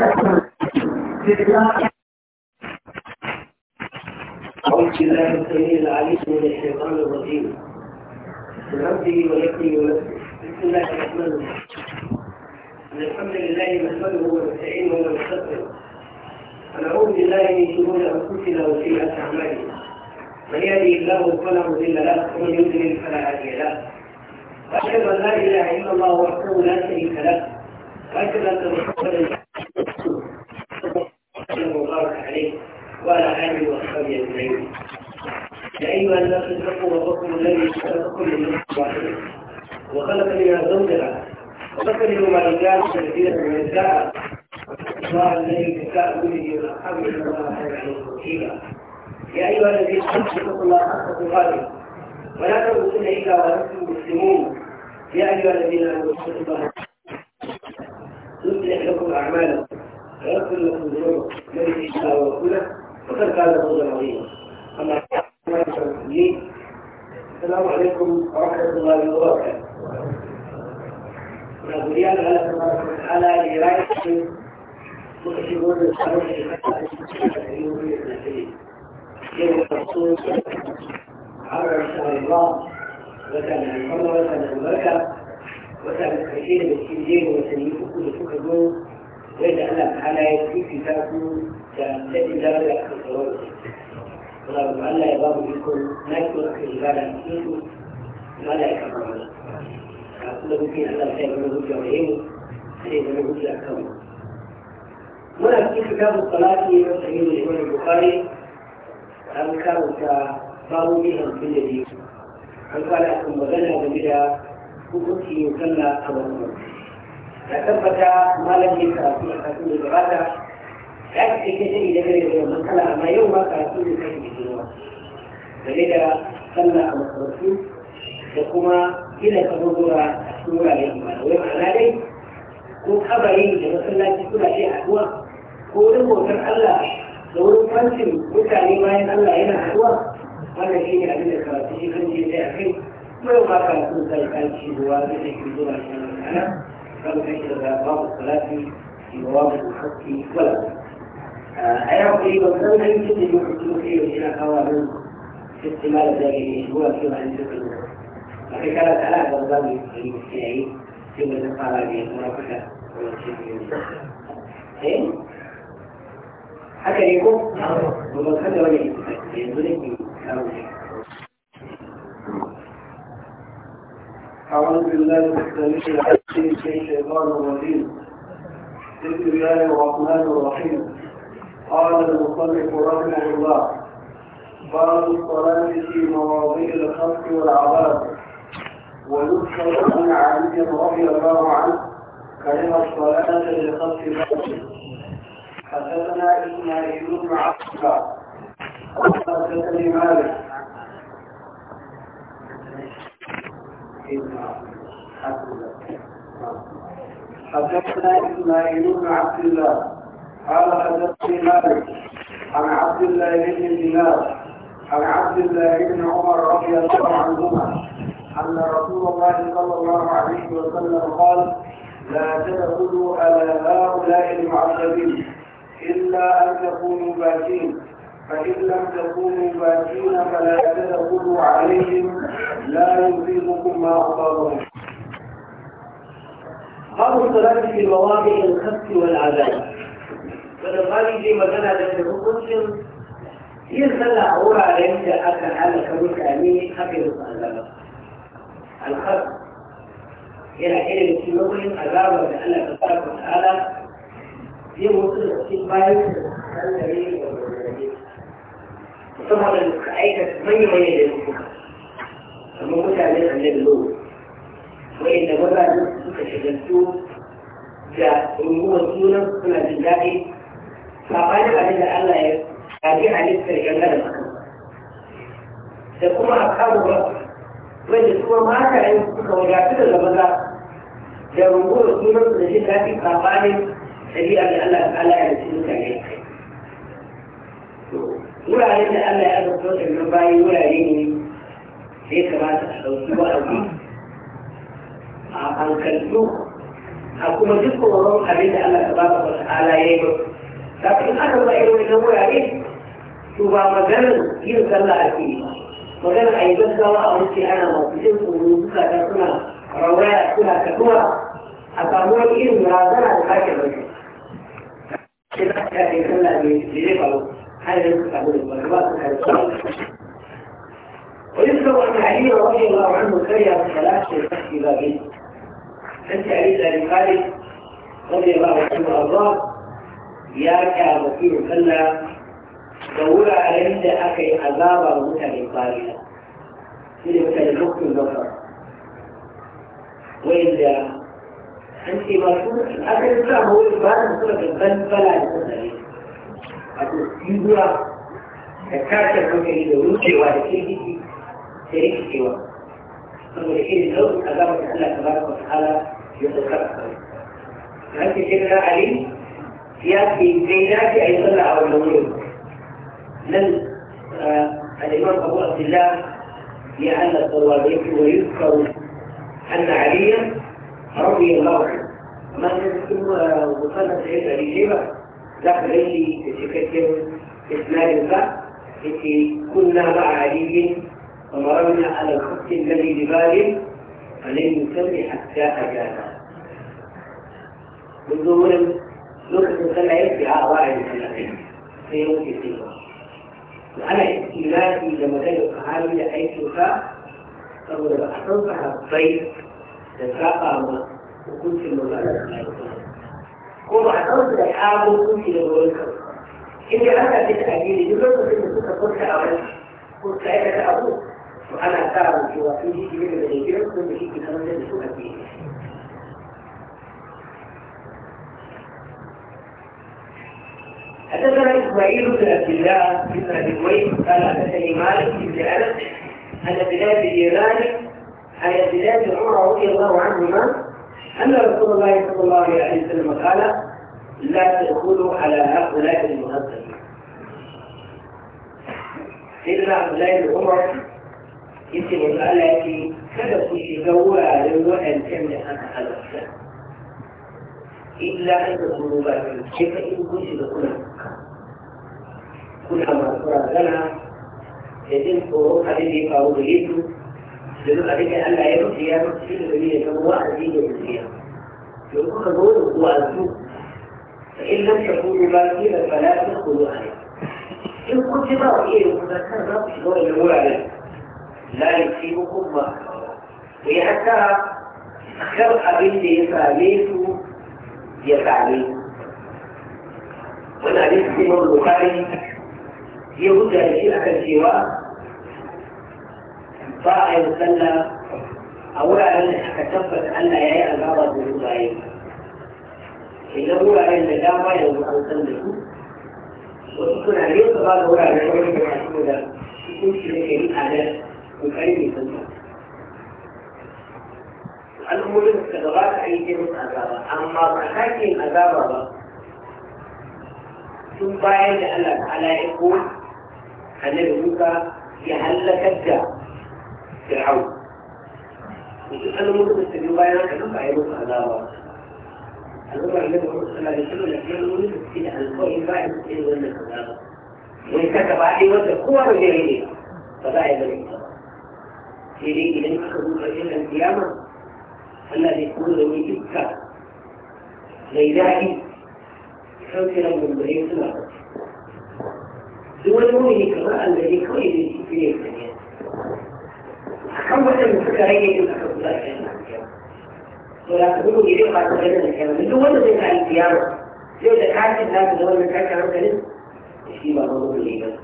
أعوذ بالله السميع العليم من الشيطان الرجيم بربه ويكفي بسم الله الرحمن الرحيم الحمد لله نحمده ونستعينه ونستغفره ونعوذ بالله من شرور انفسنا وسيئات اعمالنا من يهده الله فلا مضل له ومن يضلل فلا هادي له واشهد ان لا اله الا الله وحده لا شريك له واشهد ان محمدا وقال آمن وأصحابي يا أيها الناس اتقوا ربكم الذي خلقكم من نفس واحدة وخلق منها زوجها وبث منهما الرجال الذين من النساء وقال الذي الله يا أيها الذين آمنوا اتقوا الله حق تقاته ولا تموتن إلا وأنتم مسلمون يا أيها الذين آمنوا اتقوا الله يصلح لكم أعمالكم ويغفر لكم ذنوبكم الذي يشاء ورسوله وكان هذا فوزا عظيما أما السلام عليكم ورحمة الله وبركاته نقوليان على سبحانه وتعالى لرأيكم الصالح يوم الله وكان وكان وكان وكل sai da ana hana ya kifi ta ku da daɗin da ya da Kuma ba Allah ya ba mu iko na kuma ka shiga da cikin su, ma Allah ya kama mu. Ka kuma dukkan Allah sai wani hujja wa yin sai wani hujja kan mu. Muna cikin shiga mu salati ya rasa yin wani wani bukari an karanta babu bi hamsin da biyu. An kwana magana game da hukunci yau kalla a abubuwan ya tabbata malamin karatu a kasu da gabata ya ci cikin shiri da gare da matsala amma yau ma karatu da kai da girma game da sallah a makarantu da kuma gina kaburbura a cikin wuraren ibada wai ma'ana dai ko kabari da masallaci suna a zuwa, ko wurin bautar Allah da wurin kwancin mutane bayan Allah yana zuwa, wannan shi ne abin da karatu shi kan je sai a kai ko yau ma karatu da kai kan ci ruwa da ke zuwa shi فلو إلى بعض الصلاة في مواضع الحج ولا آه، أيام أن يحصلوا فيه إلى قوانين في استعمال ذلك هو في عن الفكر وفي كانت على نظام الاجتماعي في من قال به المرافقة والشيخ حتى ومن خلى وجهه ينزلك من أعوذ بالله من الشيطان الرجيم بسم الله الرحمن الرحيم قال المصنف رحمه الله بعض الصلاة في مواضيع الخلق والعذاب ويذكر أن علي رضي الله عنه كره الصلاة لخلق بشر حدثنا إسماعيل بن عبد حدثني مالك حدثنا اسماعيل بن عبد الله قال حدثني مالك عن عبد الله بن دينار عن عبد الله بن عمر رضي الله عنهما ان رسول الله صلى الله عليه وسلم قال لا تدخلوا على هؤلاء المعذبين الا ان تكونوا باكين فإن لم تكونوا باكين فلا تدخلوا عليهم لا يفيدكم ما أخبرهم باب الصلاة في مواضع الخفت والعذاب فإن قالي جي مدنة لكم إن صلى أورا لأنت أكل على كبير كامي خفر الصلاة الخفت إلى حين يتنوهم عذابا لأن تبارك وتعالى في مصر الصباح صلى الله عليه وسلم saboda suka aikata manya-manyan da suka amma mutanen annabi lowe wa'inda mazajen suka shagaltu da rumuwar sunan suna jin daɗi saɓanin abin da Allah ya kaji halittar yan adam da kuma a kawo ba wanda kuma matayen suka wadatu daga maza da rumuwar sunan su da jin daɗi saɓanin ɗabi'ar da Allah ta'ala ya da cikin mutane wuraren da Allah ya azurta da nan bayi wurare ne da ya kamata a ɗauki wa'azi a hankaltu a kuma duk tsoron abin da Allah ta baka wa ta'ala ya yi ba kafin aka ba irin wannan wurare to ba maganar yin sallah a ke ba maganar a yi gaggawa a wuce ana masu jin tsoro zukata suna rawaya suna kaduwa a samu wani irin razana da kake bai. Sai za ka yi sallah ne da zai faru. ويذكر أن علي رضي الله عنه كره الصلاة في فتح بابه أنت علي أبي خالد رضي الله عنه وأرضاه يا كابتين كلا دور عليه ده أخي عذاب المتعب قليلا إذا مثل الوقت البصر وإذا أنت مرفوض أخي الإسلام هو الإبان سورة القلب فلا يكون عليك a cikin zuwa da kasar hankali da wucewa da kirgiji da rikicewa saboda irin nau'in azabar da Allah ta baraka ta'ala ya saukar a kai. Da haka shekara Ali ya ce kai na ce a yi sallah a wannan wurin. Nan al'imam Abu Abdullah ya Allah tsawa da yake wa yuzkaru anna Aliya رضي الله عنه ما كان ثم وصلنا سيدنا أبي شيبة za ka gani da cikakken isnadinsa yake kunna ma'a ومررنا على الخط الذي ببال فلن يسمي حتى أجانا منذ هنا لوكس سمع في أعضاء المسلمين في يوم السنة وأنا إلهي لما كان الصحابي لأيتك فهو أحسنها الضيف تساقى وكنت المغالبة ko ba a san su da kawo kuki da wurin kan in da aka ce ta gini duk lokacin da suka furta a wani ko ta aikata abu to ana sa mu cewa sun ji gini da ne gidan su da shi ke kamar da suka fi حدثنا اسماعيل بن عبد الله بن ابي كويس قال حدثني مالك بن انس عن بلال بن عن بلال عمر رضي الله عنهما أن رسول الله صلى الله عليه وسلم قال لا تدخلوا على هؤلاء المهذبين. سيدنا عبد الله بن عمر يسمى قال لكي كذب في جوا لو أن كم أنا على إلا أن تقولوا بعد كيف إن كنت تقول كل ما قرأ لنا يجب أن أقول domin abin da Allah ya rufe ya rufe shi da ne zama wa'azi da rufiya domin kuka zo da wa'azu fa in lam takunu baqina fala tadkhulu alayhi in kunti ba wa iya kuma kan za ku shiga wannan wuraren la yusibukum ma ku yi hattara kar abin da ya same su ya same ku wannan abin da ke mamu bukari ya hujja da shi akan cewa صلى الله عليه وسلم أولى أن تثبت أن لا يأي الغابة من إبراهيم إن أولى أن الغابة يوم وتكون عليه الصلاة أولى أن يقول لك محمودا يكون في ذلك من أعداد من قريب يسمى أنا أقول لك الغابة أي شيء من الغابة أما الحاكم الغابة ثم بعد أن على يقول أن الغابة يهلك الغابة fir'aun yanzu an mutu da sabi bayan haka nan ba ya mutu azaba al'ummar da kuma sallah da shirin da kuma wani da suke da alƙawari ba ya mutu irin wannan azaba wai ta gaba ɗaya wanda kowa ba zai rage ba za a yi bane ita ba sai dai idan aka zo ƙarshen nan kiyama Allah zai kuma da wani iska mai daɗi sauke ran mummure suna duk wani mummuni kamar Allah ne kawai zai ci fiye da أكون المفكرين ولا تقولوا لي ليه قاعد تغير الكلام اللي هو اللي بتاع الديار ليه ده كاتب الناس اللي هو اللي كاتب كلام كلام مش دي برضه اللي بس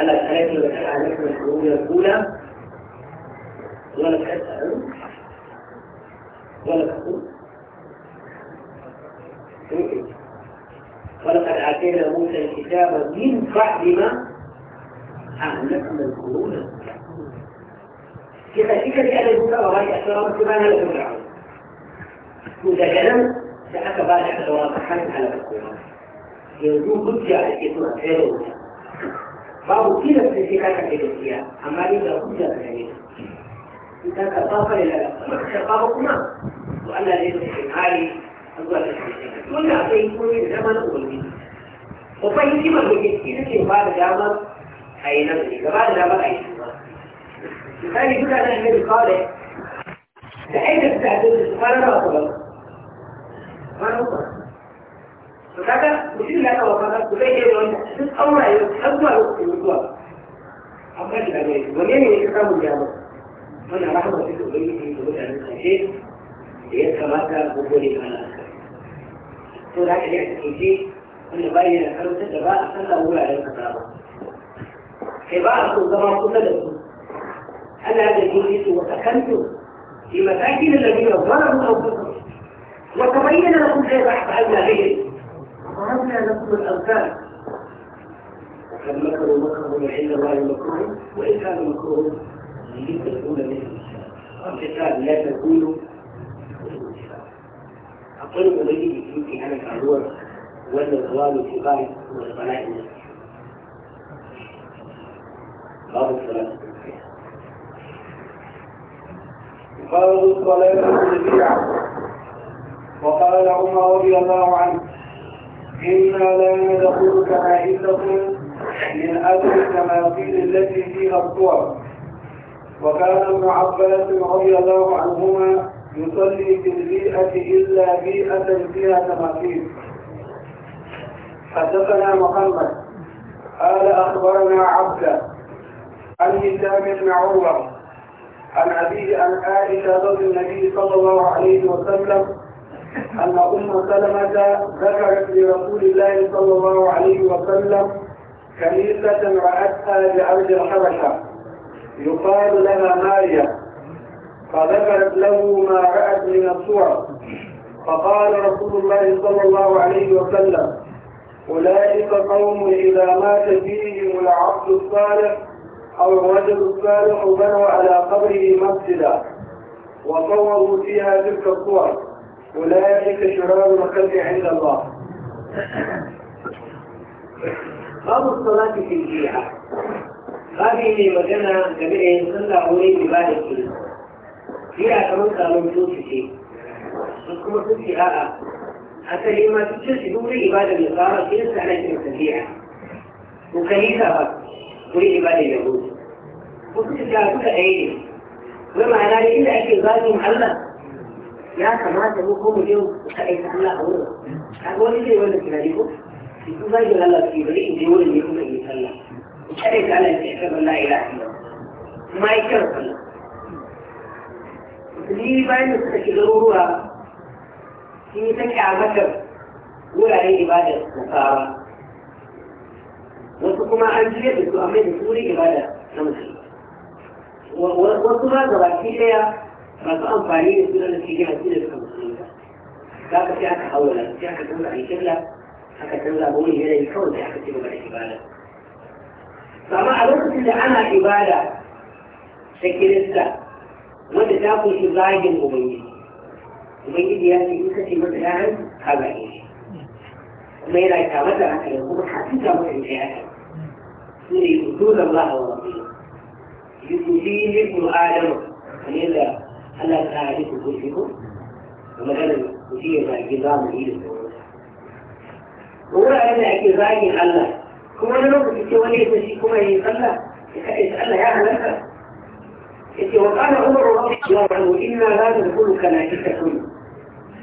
انا الحاجات اللي بتاع عليك من الحروب الاولى ولا تسال ولا تقول ولقد اتينا موسى الكتاب من بعد ما اهلكنا القرون وفي شكا بأن المنكر وغاية أسرار كمان لا تبلعه وإذا كلام سأك بعد أسرار حمد على القرآن يوجد بجة على الإسماء في الوزن بعض كلا في الشكاية في الوزياء أما لذا بجة في الوزياء إذا تضاف إلى شقاقكما وأن ليس في الحال أقوى الشيء ولا سيكون الزمن أولي وفيتم الوجه إذا كان بعد خلي يقول أنا أحمد صالح لأين استعداد قال أنا أطلق أنا أطلق فكذا مثل لك وقالت كلية يقول أول أول وقت الوضوء أما الأبيض ولين يتكلم الجامع أنا رحمة في كلية في كلية الخشيب يتمادى بقولي أنا to da aka yi a cikin wanda bayyana karantar da ba a san da wuraren kasara هل هذا يجلس وتكلم في مساكن الذين ظلموا انفسهم وتبين لكم كيف احفظنا به وضربنا لكم الامثال وقد مكر من عند الله مكرهم وان كان مكرهم لتكون مثل القتال لا تكون أقل الطرق الذي يمكن ان العدوان والنظام في غايه والغنائم باب الثلاثة. قالوا الصلاة بالبدعة وقال عمر رضي الله عنه إنا لا ندخل كما من أجل التماثيل التي فيها الصور وكان ابن عباس رضي الله عنهما يصلي في البيئة إلا بيئة فيها تماثيل حدثنا محمد قال أخبرنا عبده عن هشام بن عروة عن أبيه عن عائشة زوج النبي صلى الله عليه وسلم أن أم سلمة ذكرت لرسول الله صلى الله عليه وسلم كنيسة رأتها بأرض الحبشة يقال لها ماريا فذكرت له ما رأت من الصور فقال رسول الله صلى الله عليه وسلم أولئك قوم إذا مات فيهم العبد الصالح أو الرجل الصالح بنوا على قبره مسجدا وصوروا فيها تلك الصور أولئك شرار الخلق عند الله باب الصلاة في الجيعة هذه وجدنا جميع صلى عليه ببالك جيعة من جوز توسكي نذكر في الجيعة حتى لما تشرك دوري إبادة بالإقارة عليك تعلم الجيعة وكنيسة بس wuri ibada ya rubu wasu da duka ɗaya ne wai ma'ana ne inda ake zagin Allah ya kamata mu ko mu je mu kaɗaita Allah a wurin kaga wani zai wanda tunani ko su zagin Allah su yi bari in je wurin ne kuma in yi sallah ku kaɗaita Allah ya ce la ilaha illallah kuma ya kira sallah ni bayan da suka shiga ruwa, sun yi a kyamatar wuraren ibadar musawa wasu kuma an jiye da su amma da turi ibada na musulmi wasu ma da baki daya masu amfani da su da su gina su da suka musulmi za ka sai aka hawala sai aka canza alƙibla aka canza ba wani yanayi kawai sai aka ci gaba da ibada amma a lokacin da ana ibada ta kirista wanda ta kunshi zagin ubangiji ubangiji ya ce in ka ce mata yaran ka zage shi kuma yana kyamata haka yanzu kuma ka tuta mata da ya haka يريدون الله ورسوله يؤتيه ابن ادم ان يلا الا تعرف كلكم ومثلا يؤتيه الجزام الى wuraren da ake zagin Allah kuma wani lokaci ce wani yasa shi kuma yin sallah ya kaɗe shi Allah ya halarta ya ce wa ƙana umar wa ƙasa wa ƙasa inna za ta kulu kana ita sun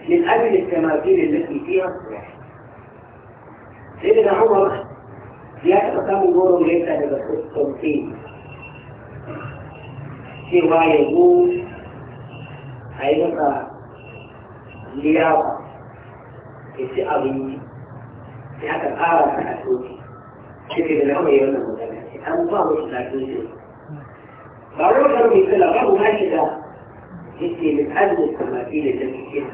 min ajin da kama fi da lafi fiya sai da na umar ya taɓa samun goron gaisa daga kusurce cewa ya zo a yi masa liyawa ya ci abin yi ya ka ƙara ta a soke shi ke da kuma yi wannan mutane an ba mu shi lafiya ce ba wani karo mai kala ba mu hashi da yake da samaki da da jami'in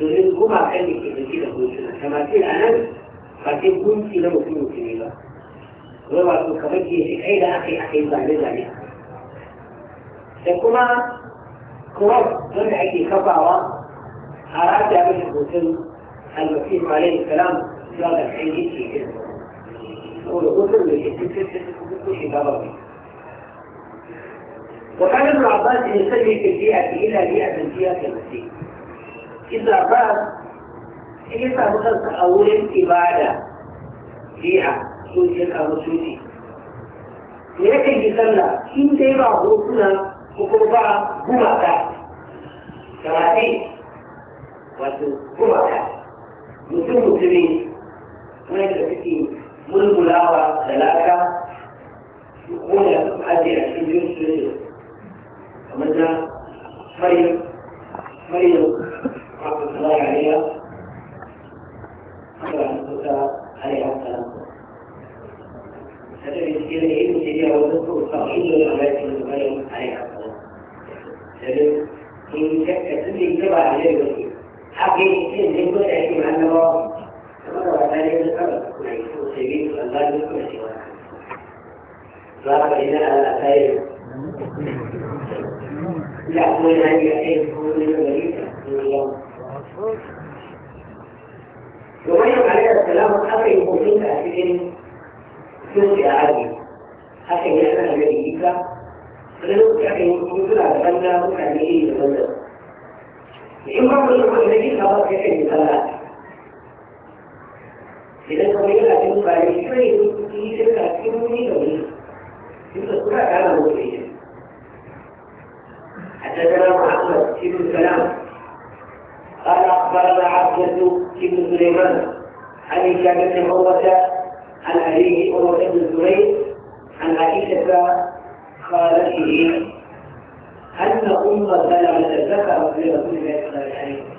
domin kuma kan da ke da gidan hotuna samaki a nan ba sai gunki na mutum mutum ba wai wato kamar ke shi kai da aka yi aka yi zane zane da kuma kurof wanda ake kafawa a rata mai hoton almasih alaihi salam zuwa ga kai yake yin saboda hoton da ke cikin shi gaba mai وكان ابن عباس يسمي في البيئة إلى بيئة فيها كالمسيح ابن عباس in ya samu kansa a wurin ibada bi'a so ya samu suci me ya kai gisalla sallah in dai ba hotuna ko kuma ba gumaka kamate wato gumaka mutum mutumi da suke mulmulawa da laka wanda suka ajiye a cikin jinsu kamar ne maryam maryam wato sallah alaiya عليها السلام هذا يشير إلى ابن تيمية وذكر تقييد الأمانة المبين عليها السلام لكن إن شك تدري تبع عليه الوكيل حق يشير من كل شيء مع النظام مرة ثانية ذكر ويكون سبيل الله بكل شيء فإن الأثاير يعمل أن يحيي كل مليكة من الله cikin sun da aji hakan ya ana da rikika wani lokaci aka yi mutuna da banda mutane iri da banda in ba ku yi wani rikika ba ka yi sallah idan kuma yana jin bayan shi ne yi shirka cikin wani da wani duka suka kara mutu ne حدثنا محمد بن سلام قال اخبرنا عبده بن سليمان عن هشام بن عروه عن أبيه عمر بن الزبير عن عائشة خالته أن أم سلمة ذكرت لرسول الله صلى الله عليه وسلم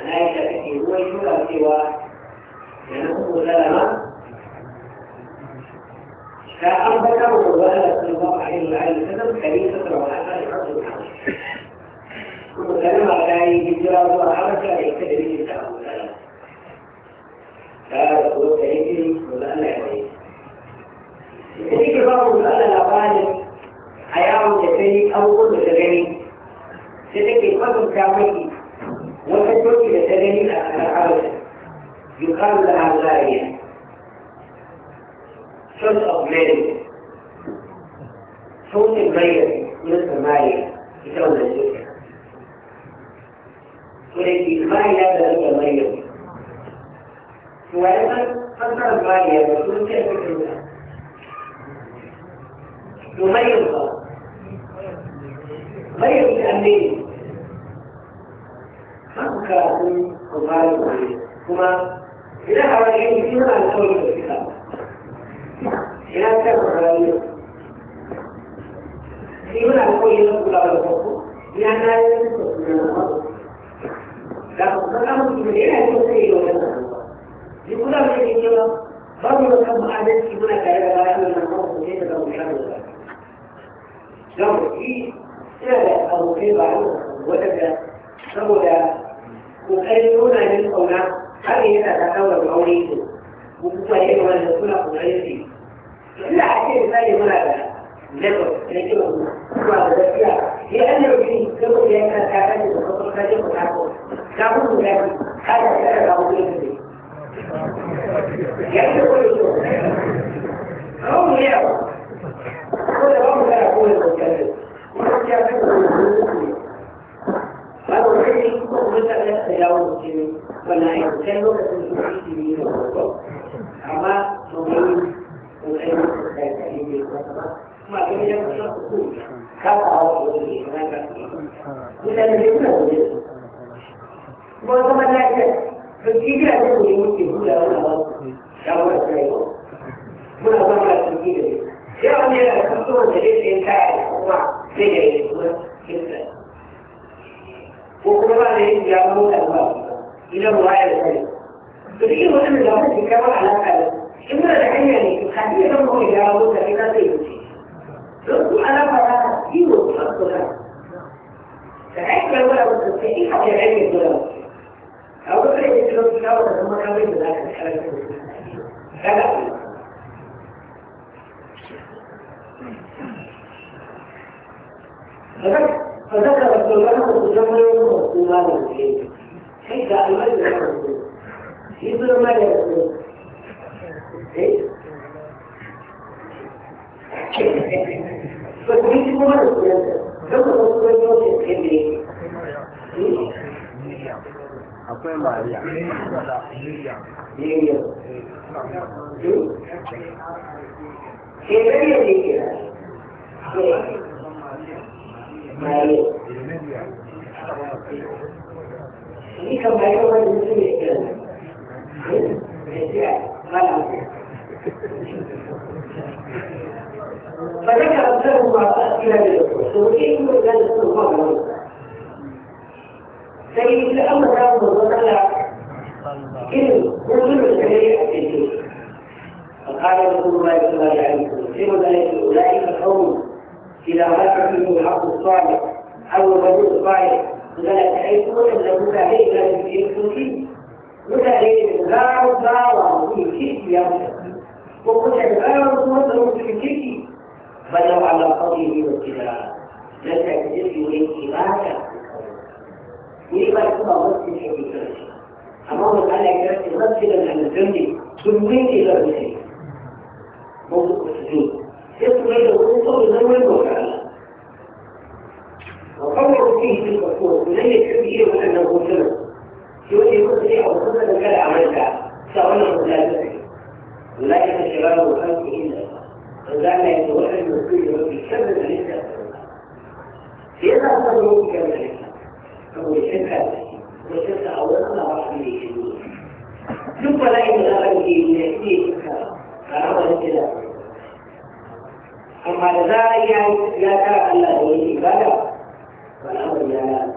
عن عائشة في هو يشكر سوى يعني لأن أم سلمة فأم ذكره وأنا صلى الله عليه وسلم حديثة رواه عن عائشة أم سلمة كان يجرى وحركة يكتب قال الخروج هيجري ولا انا هيجري هيجي برضه انا لو قال هيعمل لساني او كل لساني سيدك يتفضل كعمتي وانت تقول لساني الحرس يقال لها غاية شوز اوف مالي صوت الغير من السماية يتولى الشركة ولكن ما يلعب هذا الميت وأيضا فكر الغالية ممكن فكرها يميز غير الأمين فكر الغالية هما إلى حوالين فيما الأول في الكتاب إلى كم الغالية فيما الأول يقول على الحقوق لأنها لا يمكن أن تكون لا تكون لا تكون لا تكون يقول لك يا جماعة رجل كم أحدث هنا كذا لا يعمل من نفسه كيف كم يعمل ذلك لو في سالة أو في بعض وجد رجل مكررون للقول هذه تتكون بعونيته وكفاية من يكون قدرتي إلا حكي مثال هنا ذكر لكنه لأن الذي يكون لك كافة وخطر كافة وحاكم كافة هذا كافة أو كافة يجب كل اسبوع قوم لعبه كل يوم لا يقول المتكلم وقد يعتبر المسلمين قالوا الحين مثلا يتجاوز المسلمين ولا يتكلم المسلمين أما تبين وغير التكليم ما كان يقصد كفى هو الذي هناك إذا لم يكن هو وهو ملاك تركيبي أنه يمكن كل أولا شعور السيئة من أولا تركيبي يا أمي خمسون دليل إنتاج الحكومة سيئة جدا وكما ليس يعملون الواقع إلى مراعي السيئة تركيبي وأنا لو كمان على هذا إما الحين يعني خليه لهم يجاوبون في نفسه رد على فرعها في وصفة فرعها فحيث لو لو تستطيع حتى يعمل دولار أول شيء يجب أن تشاور ثم كان يجب أن تشاور فذكر السلمان الجمل والسلمان الجيد حيث المجد الحمد يبدو ما يقول فتريد مرة سلمان ذكر السلمان الجمل akwai mariya Ini kembali kepada diri kita. Ya, malam. Pada kalau kita berbuat tidak begitu, mungkin kita tidak berbuat. sai ita an ba ta mu zama da irin kullum da kare a cikin فقال رسول الله صلى الله عليه وسلم اولئك قوم اذا مات فيهم الحق الصالح او الرجل الصالح فلا تعيشون الا متعليه لا يمكنكم mutane da rawa mutum kirki ya mutu ko kuma da rawa wanda mutum kirki bayan Allah kawai ne wa kira dan ta kirki ne kiraka يبقى إيه يكون غسل الحدود أمام قال لك غسل الأمازوني تنوين إلى الرسالة موضوع السجود يسمى إلى الوصول إلى المنوع وقوله فيه في الكفور ولم يكتب له أنه مسلم يقول يقول لي أو مسلم كان عملك سأقول مسلم لا يتشبه الخلق إلا الله فذلك يتوحد المسلم يقول يكمل ليس يظهر منه كمالك والشركة والشركة أولا ما راح يجيبون ثم لا يتغير في نفسه فهذا الكلام أما ذلك لا ترى الله يجيبها والأمر لا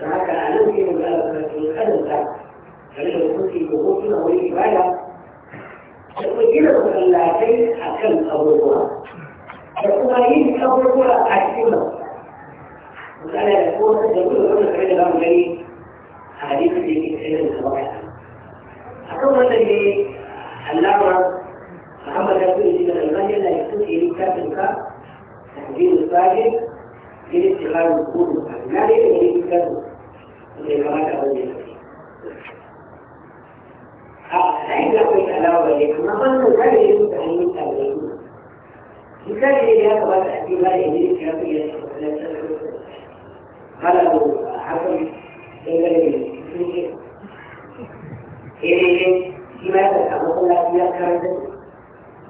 فهكذا نمكن أن نتكلم فلن نكون بوقوفنا والإجابة وكلا مسلاتين أكل أبوها وكما يجب أبوها أكلها وكان يقول يقول ابن سعيد الامر لي احاديث في سيد الصباح الحكم الذي علامه محمد يقول الله الالباني لا يكتب الى كتاب الكتاب تحديد الساجد في اتخاذ الوقود لا يريد كتابه زي ما كان أنا أقول علاوة عليكم نقول مثال يجب أن يتعلمون مثال يجب أن يتعلمون مثال يجب أن يتعلمون خلقوا عفوا إلى إليه لماذا أقول لك يا كرزة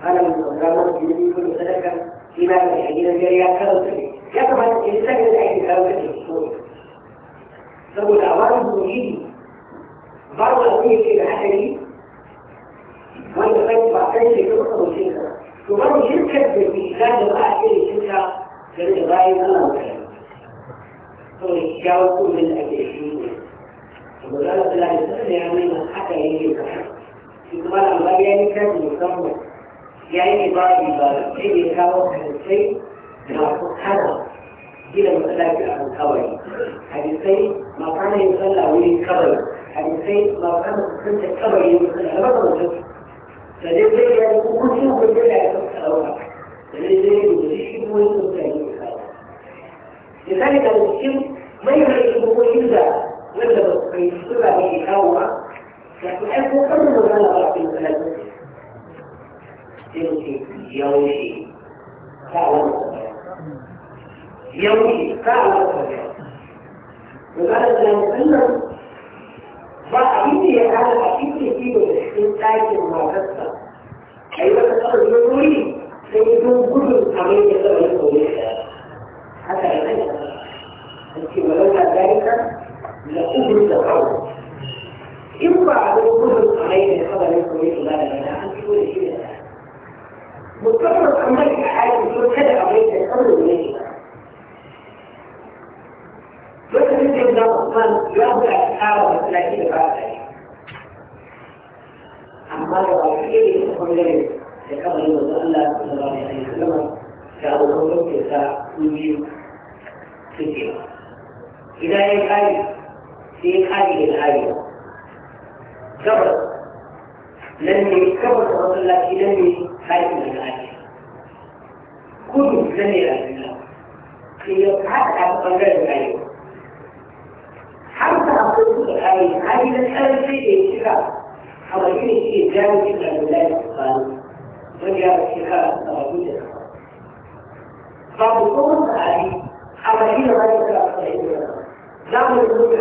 أنا من أمرامة جديد كل سلكة لماذا يحيينا بي يا كرزة يا كما يستجد الأيدي كرزة طب الأعوام المجيد بعض الأمير في الحالي وأنت خيط بعدين في كل خمسين سنة تبرو شركة بالإسلام الواحد شركة كانت غاية الله وكلامه kawai jawo kullum ake shi ne amma za a tsala da sanar ya nuna haka yake ka shi kuma labar ya yi kan musamman ya yi ba yi ba sai ya kawo hadisai masu hana gina masallaci a kan kawai hadisai masu hana yin sallah wurin kawai hadisai masu hana kusanta kawai yin sallah da maka mutum da dai zai yi hukuncin hukuncin da ya kasa ɗauka da dai zai yi da shi kuma yin sallah yin sallah لذلك لو كنت غير المميزة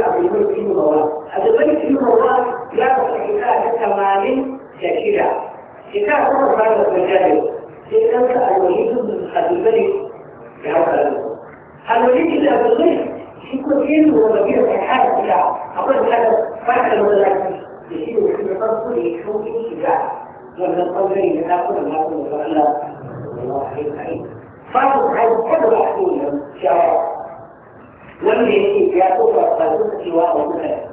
أبو في موال أبو بكر في موال لا تستطيع كمان شكلا إذا كنت هذا المجال لأنك الوليد بن أبي بكر بهذا الوليد بن أبي بكر في كل شيء هو مدير في حالة سلاح أقول هذا فرق الولاد يشير في الفرق ويشوف الشجاع ومن القولين تأخذ الله وتعالى الله عليه فرق هذا كله أحسن شعار wanda yake ya kofa ba su ka cewa a wani kai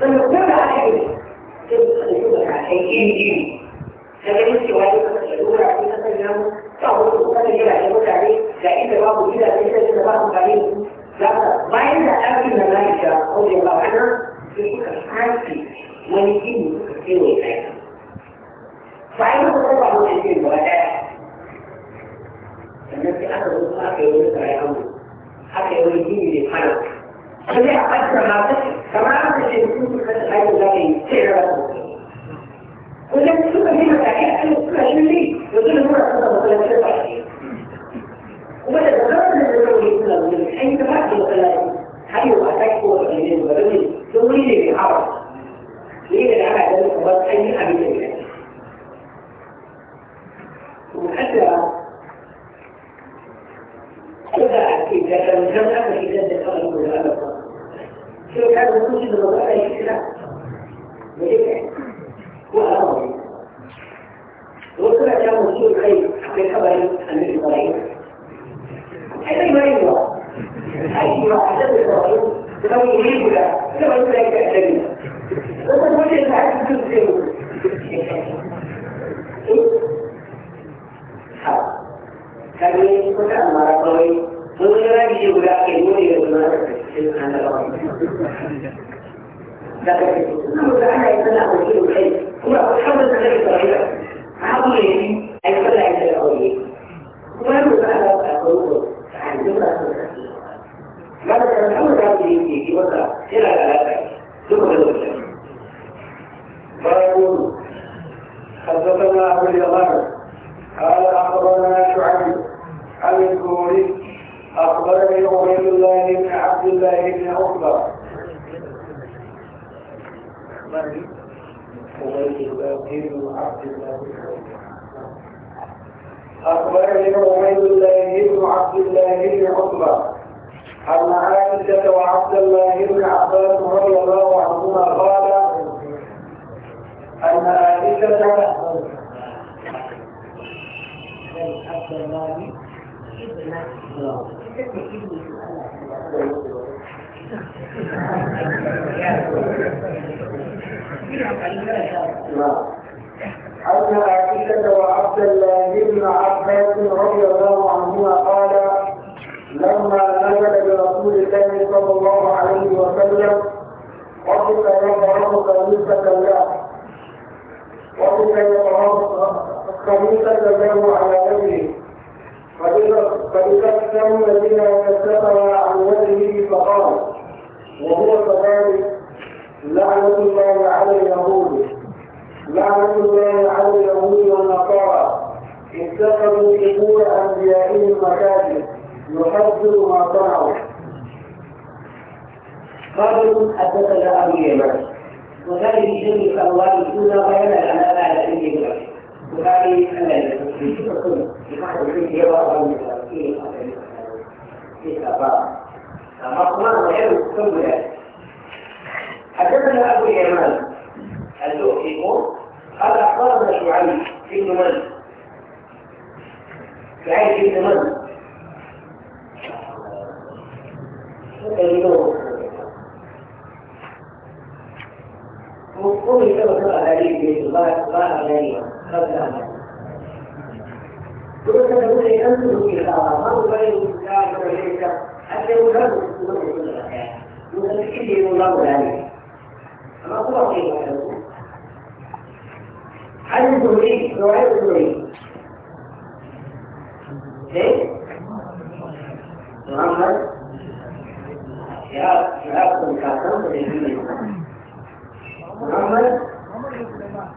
sannan kuma da aka yi sai su ka yi ba kai iri iri da ganin cewa ya kasa da lura ko ta sanya mu ta wani kuma da yana da mutane ga inda babu gidaje da inda babu kare za ka bayan da ɗakin da na isha ko da ba ana sai suka sake wani gini suka kewaye kai bayan da kuma ba mu da ke gaba ɗaya sannan sai aka zo aka yi wani kare hannu haka yi gini ne hana sai a ɓata mata kamar aka ce mutum su kasa aiki za ka yi sai ya rasa wajen suka yi mataki a cikin suka shi ne yanzu da mura suka matsalar ba shi kuma da zama da zama wani suna wani an yi ta ba su matsalar har yau ba ta ki kowa da ne ba don ne don wuri ne mai hawa ne da aka gani kamar an yi abin da ya yi. Kuma kada فدعت إذا كان جمعا فإذا دخل كل هذا شو كان يوجد وضع أي كلام وأمر وكما كان مسؤول خير في خبر النبي إبراهيم حتى إبراهيم أي ما حدث إبراهيم لو يريد له لو ذكر أنه كان يتنعه فيه الحلم صلى الله عليه وسلم يا ربك خميسة الله يا ربك خميسة الله على وجهه فلتحكم الذين كسبها عن وجهه فقال وهو كذلك لعنة الله على اليهود لعنة الله على اليهود والنصارى اتخذوا قبور انبيائهم مكاتب يحذر ما صنعوا قالوا حدثنا ابو اليمان وكان في جمع الاموال دون بيان العلامه على عند الوقت وكان حدثنا ابو اليمان الزهري قال اخبرنا شعيب بن من شعيب بن من هو يسمى سبع هذه الله سبع هذه في الأرض ما هو بين الإسلام وليس حتى يولد يولد كل الأحيان يسمى الله ذلك أما هو قيل عن الزهري رواية الزهري ليه؟ محمد شهاب شهاب محمد عمر بن سلمان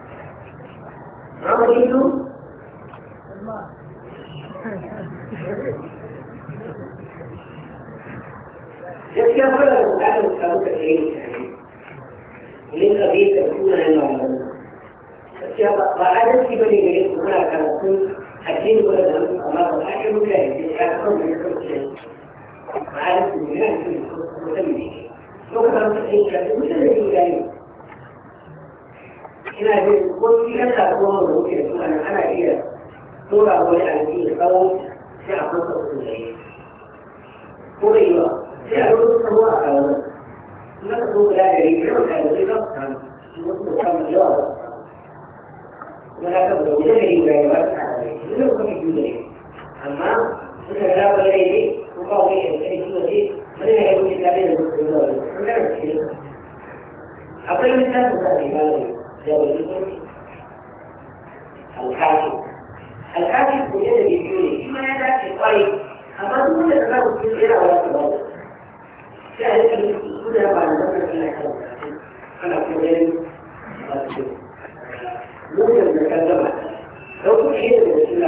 يسكن فلا بعد مسابقة إيه من قبيل تكون أنا وعدد في بني جريس هنا كان كل أكيد ولا دم أمام الحاكم كان يتحكم من كل شيء وعدد في بني جريس هنا كان كل متمني لو كان تحقيق كان كل شيء ina jin ko shi kan da ko mun wuce su ana ana iya tura wani alƙi da kawo sai a fasa su ne ko da yawa sai a rubuta sabo a kawo na ka so guda gari ne ka da zai ka samu wasu da samu yawa ba kuma na ka da wuce gari ga yawa ta da ne ne ko ki da amma suka ga ba dai ne ko ba wani da kai su ne wani ne ya wuce da ne da su da akwai wani tasu da ne ba الحاكم الحاكم هو الذي يقول فيما يدعي الطريق أما هو الذي يقول في الغيرة ولا في الوضع كذلك يقول لها بعد ذلك في الحاكم أنا كمان ممكن نتكلم لو تحيل الرسول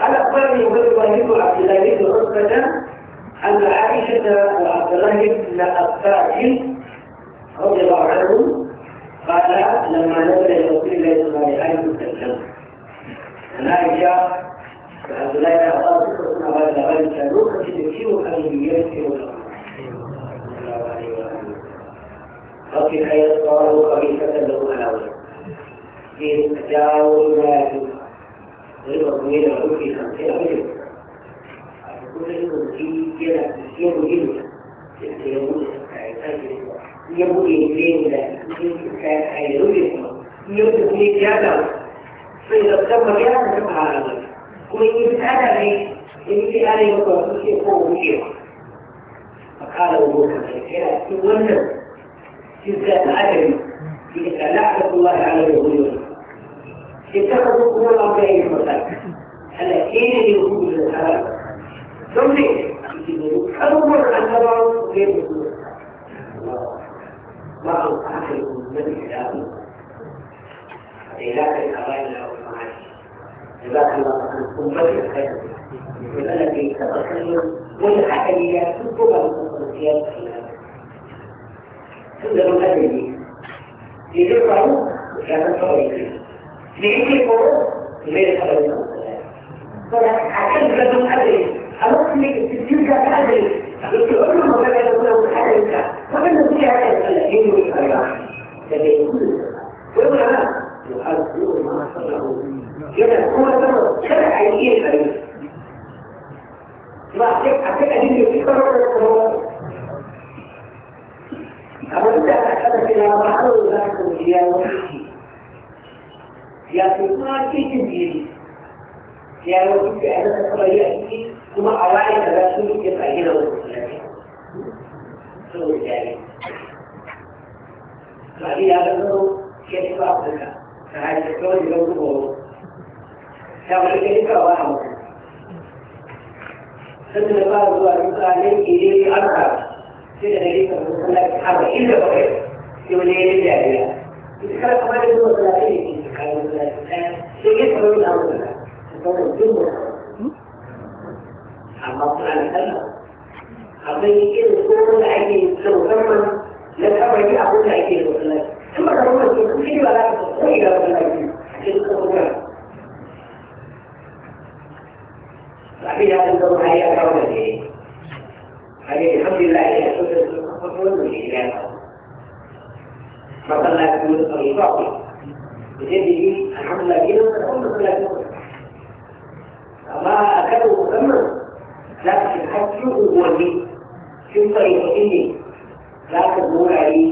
أنا أخبرني ابراهيم بن عبد الله بن عتبة أن عائشة وعبد الله بن أبي رضي الله عنه قال لما نزل الى رسول الله صلى الله عليه وسلم عن عائشة وعبد الله بن عباس رضي الله عنه قال روح تذكرك من يذكرك ربك يسره خليفة له على وجهه في تجاوز ما يجوز غير طويل له في خمسين رجل كل يوم في كده كثير جدا يحتاج يبقوا يجين لا كان حيروا يبقوا في جادة فإذا تم جادة تم عالم وإن أنا لي إن أنا يبقى في شيء فوق شيء فقال أبو كمالك تولوا تزداد أدري إذا لعنة الله على اليهود اتخذوا قبول أمرين المسلمين على حين اليهود الحرام ثم ليه؟ يقولوا أول أن نرى غير مسلمين معه أحد من كتابه إذاك الأبائل أو المعاني جزاك الله عن أمتي الخير التي تتكلم والحكمية تطلب الخصوصيات تنزل الأدبي لذكره لا تنفع إليه لذكره غير خبر فلا حكمت لكم أدبي أقول لك تلك هذه يقول ما كان يقول حاجة منها فكان في هذا الدين والحياة ويقول أنا يحذر ما صنعوا كده هو ده شرع حقيقي الحديث ما حكيت حكيت أدين في قرار أقول لك أنا كده ما أعرف ذلك يا وحشي يا سلطان كيف تجيني يا وحشي أنا تقرأ يأتي kuma a waye da za su yi a gina wani musulmi saboda jari Kali ya ga zo ke ci ba Afirka, ta hajji kawai da wani goro. Ta wani ke rika wa a mutum. Sun da ba zuwa duka ne ke yi an ka, sai da nake kan mutum na haɓa inda bakwai, sai wani ya yi jariya. Ita kala kamar da zuwa sana'a ne ke kayan mutum na sai ya kamar da amurka, ta kawai duk mutum. المطلوب على الكلمة حبيبي كده كل اللي عايز يسلو ثم لا أول دي أقول لك إيه والله ثم تقول لك كده ولا تقول إيه والله كده تقول صاحبي هذا الدور هي كرامة إيه هذه الحمد لله هي شكر الكفر والإيمان فصلى في الطريقة بجده الحمد لله كده وكل صلاة الله أكله مكمل za ka unguwanni sun fahimci ne za ka wurare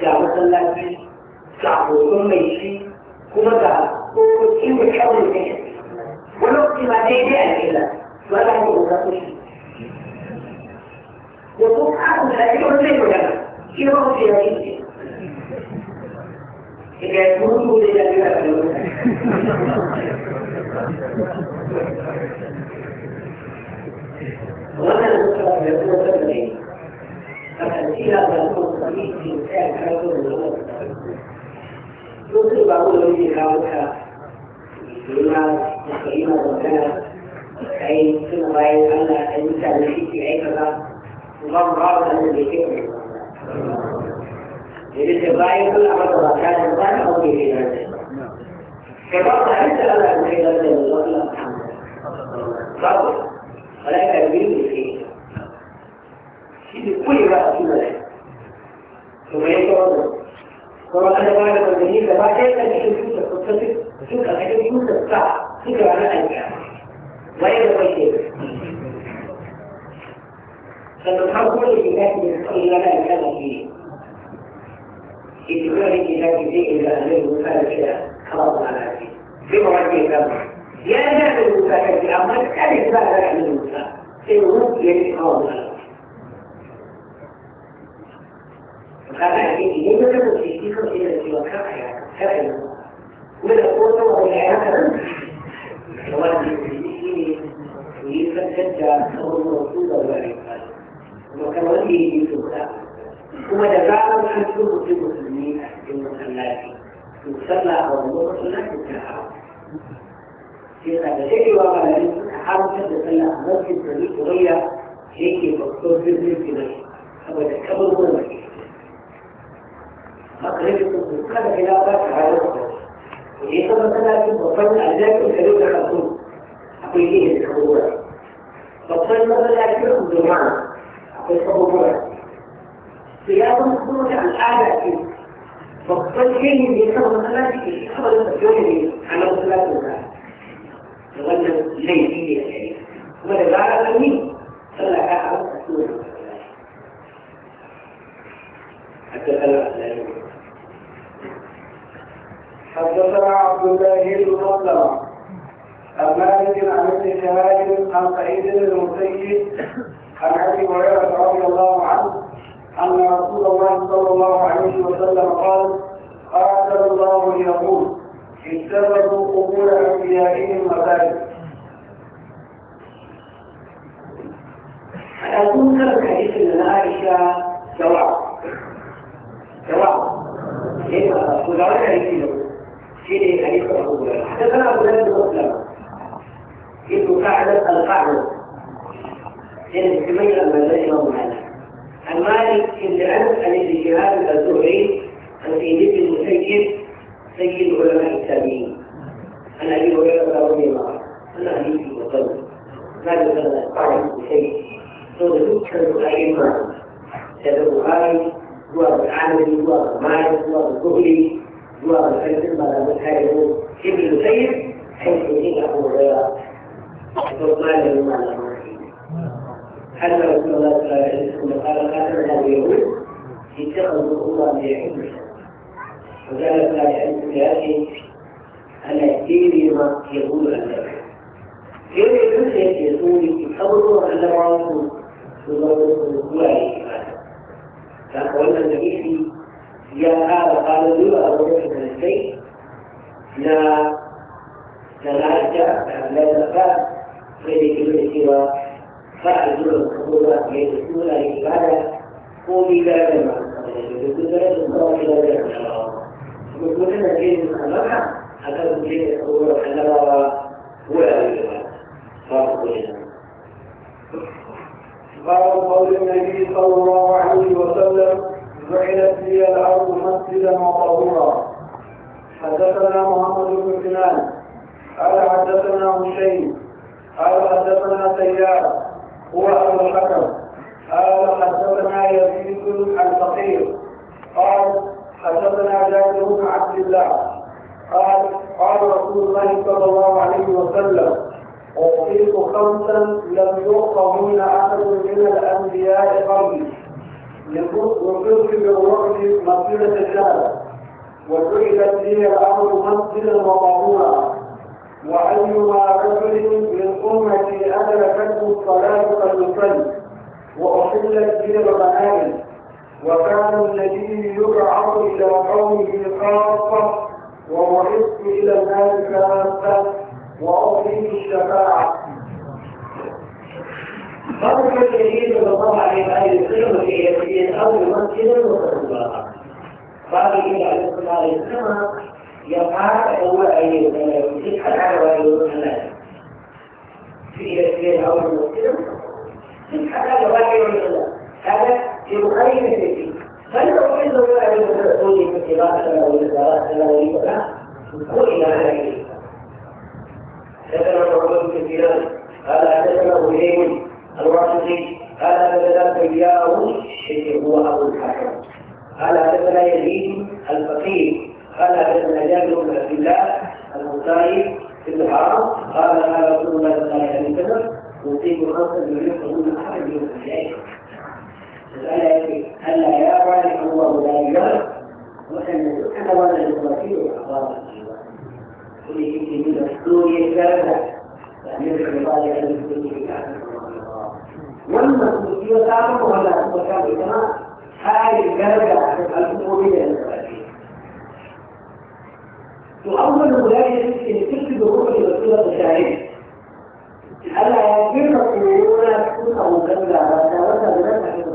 ga masallaci ga hoton mai shi kuma ga kokokin da kyawun da wani lokaci ma daidai a kila su ana yi wa zafi shi da ko kakun da ake wani zai magana shi ne mafi yawa shi ne daga yi mutu da ya fi da wani وانا نسخه في 2007 فالتيها بلغوا الصديق في مكان كانوا من الوقت يمكن بعضهم يجي يحاولها بما تقييمها ربنا أي ثم بعد أن الإنسان يشيك في أي كذا وقام رابط أن يكون للاستبراء كل أمر كان الإنسان أو في غيره كبرت حتى أنا في غير الله الحمد لله ملائكة يمين والخير سيدي كل بقى في ملائكة ثم يتوضا طبعا انا بعد ما بنيت بعد كده كان شوف انت قصتك شوف الحاجات دي انت بتاع فكر على قلبك وهي ما بيتك شيء تحاول كل الكتاب اللي بتقول لا لا كان فيه اتباع الكتاب دي الى ان المثال خلاص على فيه في مرات كده يا جاهل المساعدة أما تكالك بقى لك من المساعدة سيروك يلي خواهد فقال حديثي ليه ما كانت تشتيكم إلى السيوة كافية كافية من القوة والعياكة من ويفن جدا أول مرسول الله وكان وجهه يسوع ثم دفعهم حسبه في المسلمين في المسلات يصلى أو المرسلات يتحرك yana da daɗewa ba da yin haramtar da sallah a masjid da zai koyya yake babbar birnin filai saboda kabarwar mai makarifin sun kada gida ba ta halar da su ne kuma masallacin babban aljakin kare da kasu akwai yin da kabarwar babban masallacin umar akwai kabarwar su ya zama kuma da al'ada ce babban yin ne kuma masallacin da shi kabarin da yau ne a masallacin da يولد ليلية يعني ولذا مني فلا أعلم أسوره حتى فلا لا حدثنا عبد الله بن مسلم عن مالك عن ابن شهاب عن سعيد بن المسيب عن ابي هريره رضي الله عنه ان رسول الله صلى الله عليه وسلم قال قاتل الله اليهود اتخذوا قبور انبيائهم مبادئ فيكون سبب حديث ان عائشه سواء سواء ليه ولا حديث له شيء حديث ابو هريره حدثنا ابو هريره بن مسلم ابن سعد القعبه كان يتميز من الامام مالك المالك بن انس عن ابن شهاب الزهري رسول الله صلى الله عليه وسلم أعطيت خمسا لم يعط من أحد من الأنبياء قبلي وصرت بالوقت مسيرة الشهر وجعلت لي الأمر مسجدا وطهورا وأيما رجل من أمتي أدركته الصلاة فليصلي وأحلت لي المعارف وكان النبي يبعث إلى قومه خاصة وبعثت إلى ذلك كافة وأعطيه الشفاعة فضل الجديد صلى الله عليه وآله وسلم في يدين أول مسجد وصلى بعد كده عليه الصلاة والسلام يفعل هو أي يفعل على وأي في يدين أول مسجد يفعل على وأي هذا يخيل في فلو أحد ما يريد أن يكون في قراءة أو لقراءة أو لقراءة وإلى عليه حدثنا محمود بن سيران قال حدثنا هليم الراشدي قال حدثنا سياو الذي هو أبو الحكم قال حدثنا يزيد الفقيه قال حدثنا جابر بن عبد الله الأنصاري بن حرام قال قال رسول الله صلى الله عليه وسلم يصيب خمسا من يوم من مسألة ألا يرى الله لا يرى وأن كما ورد الوكيل أخبار كل شيء من السورية كذا فأن يدخل ذلك المسلمين وأما المسلمين تعرفوا على أنه كما حال الدرجة الألفوية وأول ولاية يمكن تكتب الروح لبسيطة شاعرية ألا يمكن القرون تكون أو كذا وتوسل بنفسك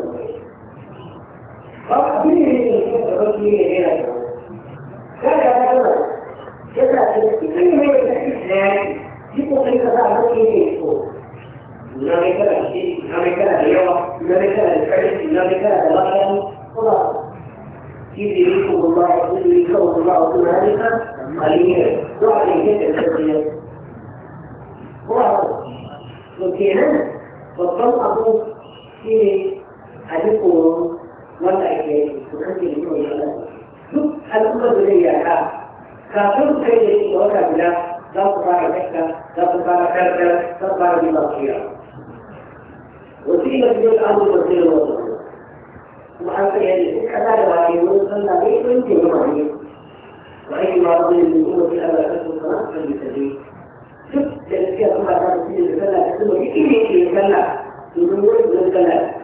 Mungkin, betul aku ini, adikku wanda ake yi su kake yi wa yana duk al'ummar da zai yaka kafin kai da shi wata guda za ku fara kashka za ku fara karkar za ku fara bima kira wasu ila biyar abubuwan zai yi wasu kuma an sai yadda duk kaza da wani wani sallah bai kun ke yi mani wa aiki ma wani ne kuma sai Allah ya kasu kana kan bisani duk da gaskiya kuma ta da cikin sallah da kuma duk ne ke sallah domin wurin da sallah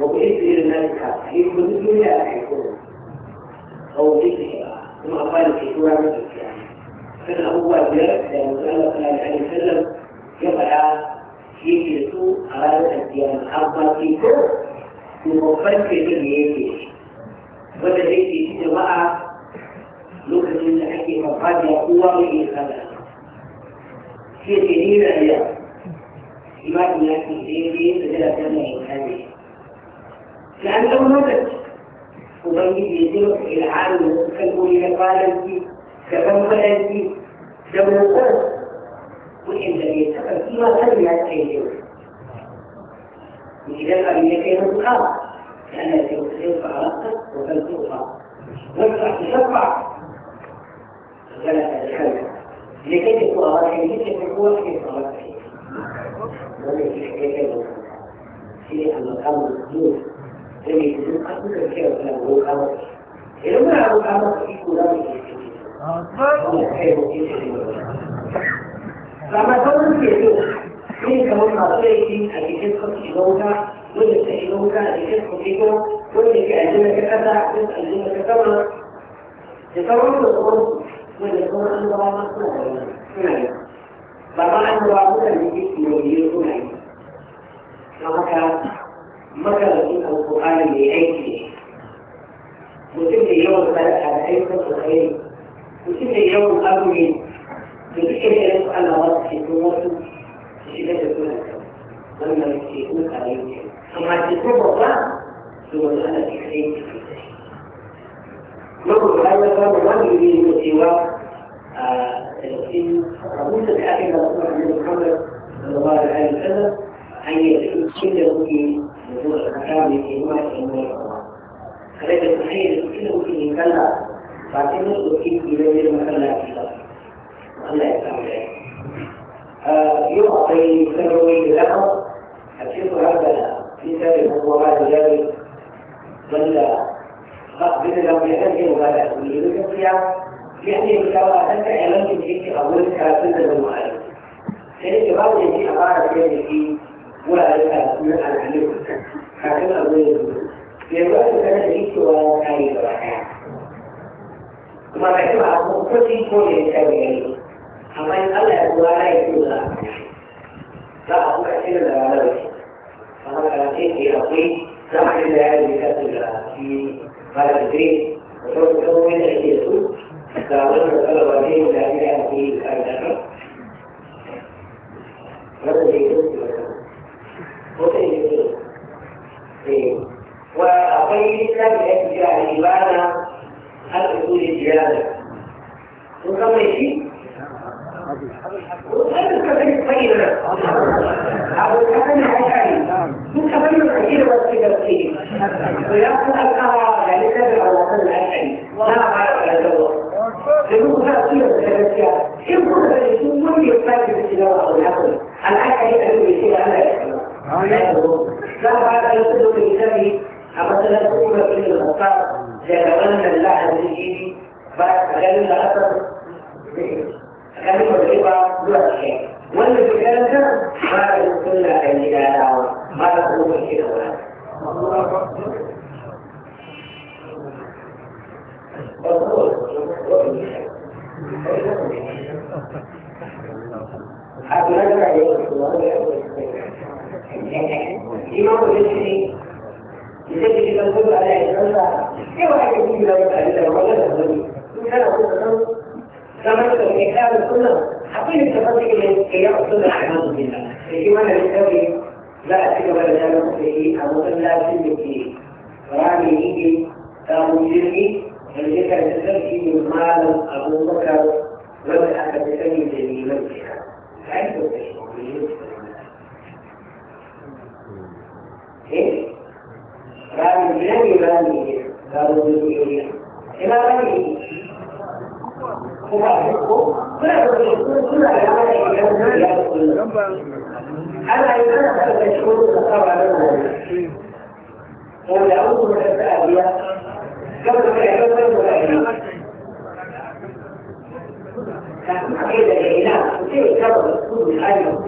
وبإذن الله تعالى يكون الدنيا حيكون أو بإذن ثم قال في سورة الإسلام فإنه هو بيرك لأن الله صلى الله عليه وسلم يقع يجلس على الأديان أما في كل مفكر يجلس wanda da yake ci jama'a lokacin da ake farfajiya kowa mai yin sallah shi ke ni rayuwa imamu ya ce da yake yin sajada ta mai kame لأنه نبت أبي يدرك إلى عالم كالأولي كفن كمن دم دوقوه وإن لم يتقل فيما سمعت أيديهم إذا لم يكن قال كان سيوصل فعرفت وفلسوفا واشرح تشفع فلا تتحمل لكي تكون أراضي لكي تكون في صلاتك ومن في حكاية في المقام الدين إيه إذن أكثر شيء من أبو كامر إذا ما أبو كامر في كلام لما تقول في اليوم من كمان ما تلاقي أجهزة خطيبوها ولا تأجيلوها أجهزة خطيبوها ولا كأجهزة كذا أجهزة كذا يتوقع الأمر ولا يكون أن الله مصنوع فما أن الله مصنوع يجيب يوم يوم يوم يوم makarantun alƙur'ani mai aiki mutum da yawan sadaka da aikin alkhairi mutum da yawan azumi da duk da irin su Allah wasu ke tun wasu su shiga da suna wannan ke kun kare ne amma ke ko babba to wani ana ke kai ke kai mabuta ya samu wani ne ne cewa a cikin rabuta da ake da Muhammad sallallahu alaihi wasallam an yi cikin da kuke الدكتور الأكاديمي في نوع من فليس مستحيل كله فيه كلا بعدين نسلك في بلاد المكلا في الشرع الله يسلم عليك آه، يعطي سنوي له الشيخ هذا في سبب هو بعد ذلك بل بين لو يأتي مبالغة ويريد الصيام يعني بكرة أنت أعلمت بشيء أولك كافة المعارف. سيدي بعض الشيء أقارب يدي فيه ولا من العلم هكذا أقول لأنه كان ليس ولا تعريف وما بحثوا عن كل يكون يتابعين أما إن الله يقول لا يكون لا لا أقول أشياء لا على وجهه فما كان فيه أقول سمح الله بكثرة في هذا البيت وصوت كم من أشياء فأقول الله عليه لا إله إلا الله الذي يكون mutum ne wa akwai littafi da ake kira al'ibana al'usul jiyana sun san mai shi وأنا كذلك طيب أبو الحسن الأشعري من تبين الكثير والتجارتين ويأخذ القرار يعني تبع أبو الحسن الأشعري ما أعرف على الله لأنه كثير من التجارتين إن كنت تجدون من يحتاج بالتجارة أو الحسن إمام بني ضروري إمام بني أنا أنا مشهور طبعا ولا أقول لك قبل ما يعمل ولا كده لا كده كده كل حاجة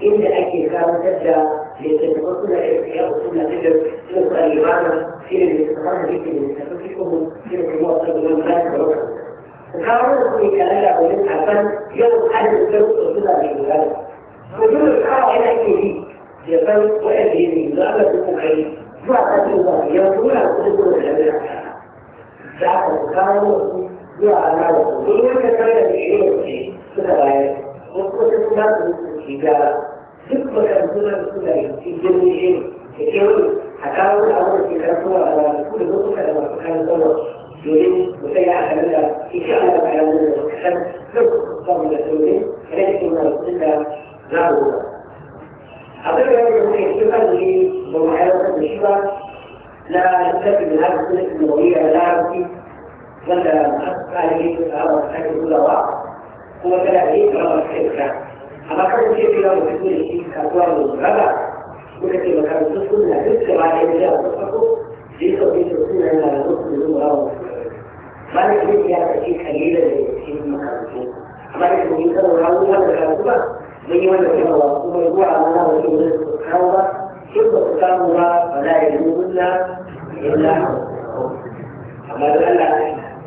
inda ake karantar da littattafan suna irkiya suna fitar suna su alibana shi ne littattafan da yake littattafan shi kuma shi ne kuma wasu da wani kayan da wata kawo da su ne kanan da wani kasan yau adadin sarrafa suna da gudana ko dole kawo yana ke yi ya san wayar da yake za a su kuma yi zuwa kasan zuwa ya tura su da da da za a kawo su zuwa alawa su dole ka kare da shi ne suna bayar وقوة الناس الحجارة ثقة الدنيا كلها في جميع كثير حكاوا الأمر في كرسوا على كل نقطة لما كان الدور يريد وسيع حملة في شأن على الحسن ثقة قبل الدولين لكن الدنيا ضرورة أبدا يمكن احتفال بمحاولة الشباب لا يستفيد من هذه السنة النبوية لا يمكن مثلا عليه الأمر الحاجة الأولى kuma kana da yin kama masu kyauta amma kan ce kira mutum da shi kasuwa da raba kuka ce makarantu suna duk da ba da yin jawo farko da yi sauƙi da suna yana da mutum da zuwa wa ba da yin ya kace kalila da yake makarantu amma da kuma yin kan rawu ba da karatu ba mun yi wanda kuma ba kuma zuwa mana wani wurin su kawo ba in ba su samu ba ba za a yi nuna illa amma da Allah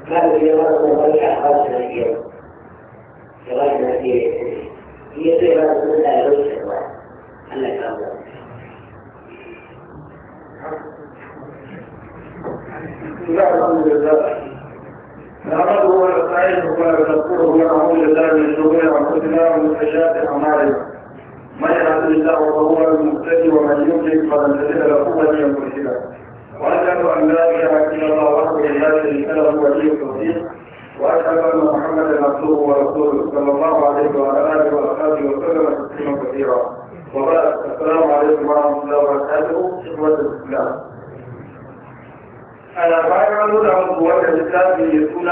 ba da yawa da wani a ba su da yawa كمان هي هي زي ما قلنا لا يرد الواحد أنا كلام ده الحمد لله نحمده ونستعينه ونستغفره ونعوذ بالله من شرور انفسنا ومن سيئات اعمالنا من يهده الله فهو المهتدي ومن يضلل فلن تجد له وليا مرشدا واشهد ان لا اله الا الله وحده لا شريك له ولي التوفيق واشهد ان محمدا عبده ورسوله صلى الله عليه وعلى اله واصحابه وسلم تسليما كثيرا وبعد السلام عليكم ورحمه الله وبركاته شكرا الاسلام انا بايعه له قوه الاسلام يكون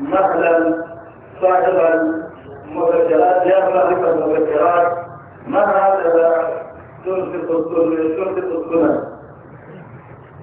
مهلا صاحبا مبكرات يا مالك المبكرات ما هذا تنفق السنه